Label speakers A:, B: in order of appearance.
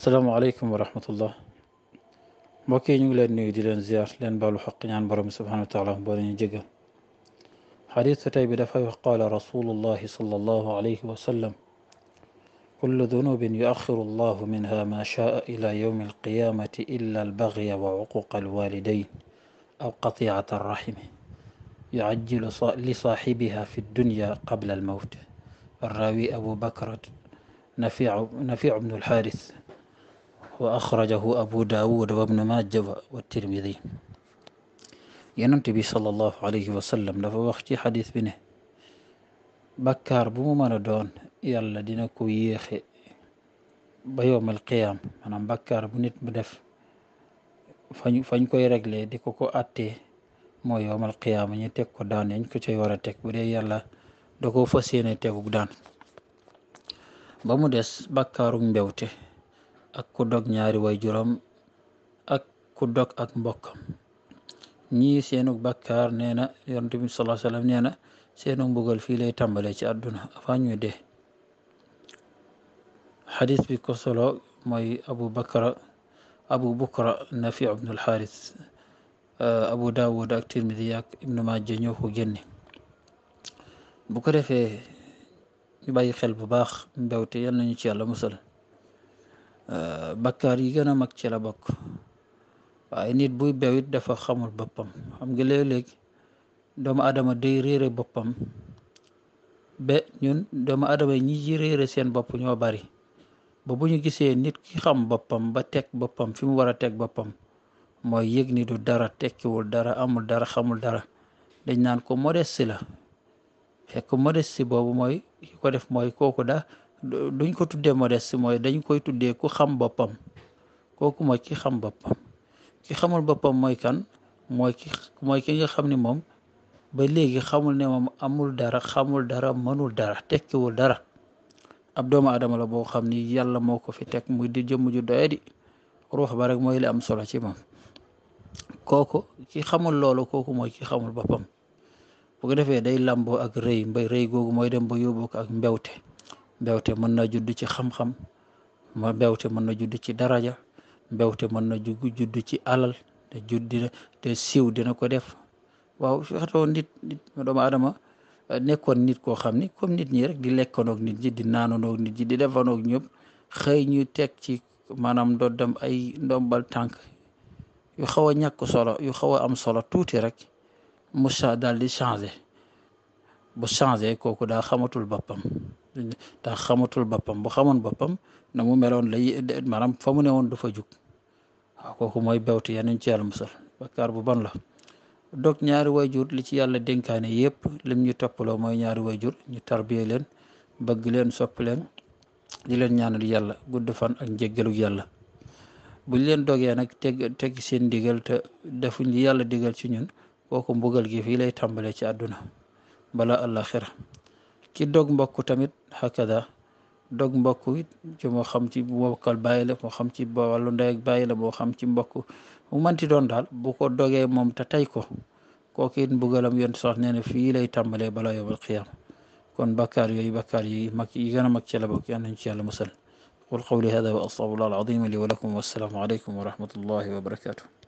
A: السلام عليكم ورحمة الله مكي نيو لين نيو دي لين زيار لين بالو حق نيان برم سبحانه وتعالى بوري نيجا حديث تاي بدا وقال رسول الله صلى الله عليه وسلم كل ذنوب يؤخر الله منها ما شاء إلى يوم القيامة إلا البغي وعقوق الوالدين أو قطيعة الرحم يعجل لصاحبها في الدنيا قبل الموت الراوي أبو بكر نفيع, نفيع بن الحارث وأخرجه أبو داود وابن ماجه والترمذي yonent bi sallallahu alayhi wa sallam dafa wax ci xadis bi ne bàkkaar bu mu mën doon yàlla dina ko yéexe ba yowmal qiyaam maanaam bàkkaar bu nit bu def fañ fañ koy réglé di ko ko attee moo yowmal qiyaam ñu teg ko daan yañ ko cay war a teg bu dee yàlla da koo fas yéene tegug daan ba mu des bàkkaaru mbewte ak ku dog ñaari waajuram ak ku dog ak mbokkam ñii seenu bakkar nee na yonent bi sallallahu alayhi wa sallam nee na seenu mbugal fii lay tàmbale ci àdduna avant ñuy dee xadis bi ko mooy abu bakara abu bukra nafi euh, abu daawud ak tirmidi ak ibnu majja ñoo ko génne bu ko defee ñu bàyyi xel bu baax mbewte yal nañu ci yàlla musal bakkaar yi gën a mag ci la bokk waaye nit buy bew it dafa xamul boppam xam nga léeg-léeg doomu adama day réere boppam ba ñun doomu adama ñi ji réere seen bopp ñoo bari ba bu ñu gisee nit ki xam boppam ba teg boppam fi mu war a teg boppam mooy yëg ni du dara tekkiwul dara amul dara xamul dara dañ naan ko modeste la fekk modeste boobu mooy ki ko def mooy kooku da duñ ko tuddee modeste mooy dañ koy tuddee ku xam boppam kooku mooy ki xam boppam ki xamul boppam mooy kan mooy ki mooy ki nga xam ni moom ba léegi xamul ne moom amul dara xamul dara mënul dara tekkiwul dara ab doomu aadama la boo xam ni yàlla moo ko fi teg muy di jëmm ju doyadi ruux ba rek mooy li am solo ci moom kooku ki xamul loolu kooku mooy ki xamul boppam bu ko defee day làmboo ak rëy mbay rëy googu mooy dem ba yóbboo ko ak mbewte mbewte mën na judd ci xam-xam ma mbewte mën na judd ci daraja mbewte mën na juddu ci alal te judd dina te siiw dina ko def waaw fexetoo nit nit doomu aadama eh, nekkoon nit koo xam ni comme nit ñi rek di lekkanoog nit ñi di naananoog nit ñi di defanoog ñëpp xëy ñu teg ci maanaam ndoddam ay ndombal tànk yu xaw a ñàkk solo yu xaw a am solo tuuti rek mu daal di changé bu changé kooku daa xamatul boppam ta xamatul boppam bu xamoon boppam na mu meloon lay maanaam fa mu ne woon du fa jug waaw kooku mooy bewtu yenuñ ci yàlla musal bakkaar bu bon la dog ñaari wayjur li ci yàlla dénkaane yëpp lim ñu toppaloo mooy ñaari wayjur ñu tarbiye leen bagg leen soppi leen di leen ñaanal yàlla gudd fan ak njéggalu yàlla buñ leen dogee nag teg teg seen digal te defuñ li yàlla digal ci ñun kooku mbugal gi fii lay tàmbalee ci àdduna bala àllaaxira ci dog mbokk tamit hakada dog mbokk it ci mo xam ci mbokkal baye la mo xam ci walu nday ak baye la moo xam ci mbokk mu man ti don dal bu ko doge mom ta tay ko ko ki mbugalam yon sax neena fi lay tambale bala yowal qiyaama kon bakar yoy bakar yi mak yi gëna mak ci la bok yal ci yàlla musal qul qawli hada wa astaghfirullah al azim li wa lakum wassalaamu alaykum wa rahmatullahi wa barakatuh